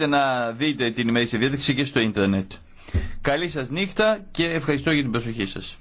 Μπορείτε να δείτε την ημερήσια διάταξη και στο ίντερνετ. Καλή σας νύχτα και ευχαριστώ για την προσοχή σας.